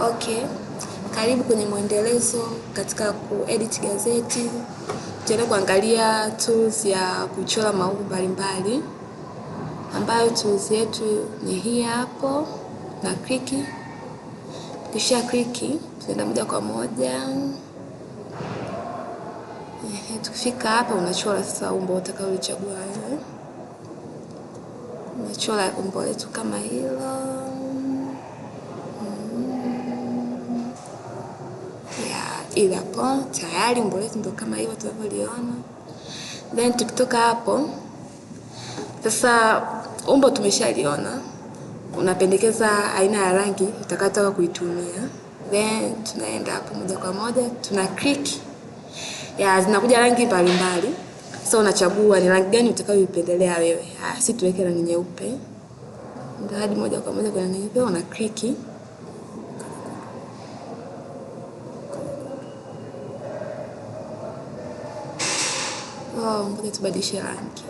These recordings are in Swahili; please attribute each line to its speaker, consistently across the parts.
Speaker 1: Okay, karibu kwenye mwendelezo katika kuedit gazeti. tuende kuangalia tools ya kuchora maumbo mbalimbali, ambayo tools yetu ni hii hapo, na kliki. Tukisha kliki, tuenda moja kwa moja ehe, tukifika hapa, unachora sasa umbo utakaolichagua wewe. Unachora umbo letu kama hilo. ila po tayari umbo letu ndo kama hivyo tunavyoliona. Then tukitoka hapo sasa, umbo tumeshaliona, unapendekeza aina ya rangi utakayotaka kuitumia, then tunaenda hapo moja kwa moja tuna click ya zinakuja rangi mbalimbali. Sasa unachagua ni rangi gani utakayoipendelea wewe. Ah, si tuweke rangi nyeupe, ndio hadi moja kwa moja kwenye nyeupe una click Wow, oh, tubadilishe rangi.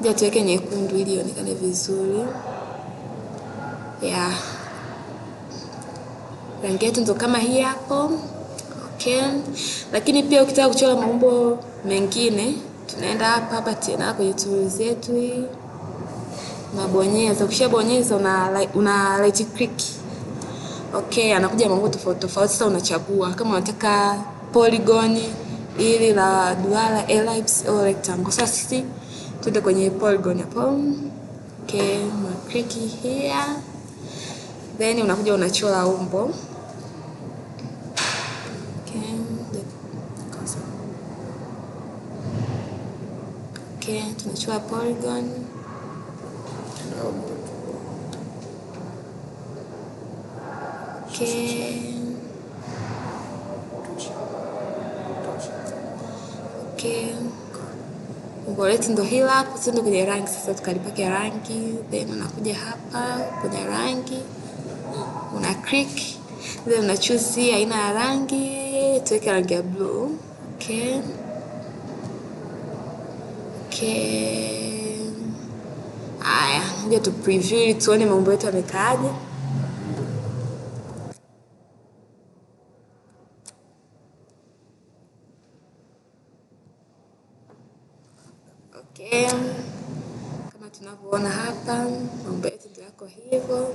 Speaker 1: Ngoja tuweke nyekundu ili ionekane vizuri. Yeah. Rangi yetu ndo kama hii hapo. Okay. Lakini pia ukitaka kuchora maumbo mengine tunaenda hapa hapa tena kwenye tools yetu hii. Unabonyeza, ukishabonyeza una, una right click okay, anakuja mambo tofauti tofauti. Sasa unachagua kama unataka polygon ili la duara, ellipse au rectangle. Sasa sisi tuende kwenye polygon hapo. Okay, una click here, then unakuja unachora umbo Okay, tunachora polygon que okay. Goreti ndo hila hapo, sio kwenye rangi sasa, tukalipake rangi, then unakuja hapa kwenye rangi una click, then unachusi aina ya rangi, tuweke rangi ya blue. Okay. Okay. aya ngoja tu preview tuone maumbo yetu yamekaaje. kutokea. Kama tunavyoona hapa, mambo yetu ndio yako hivyo.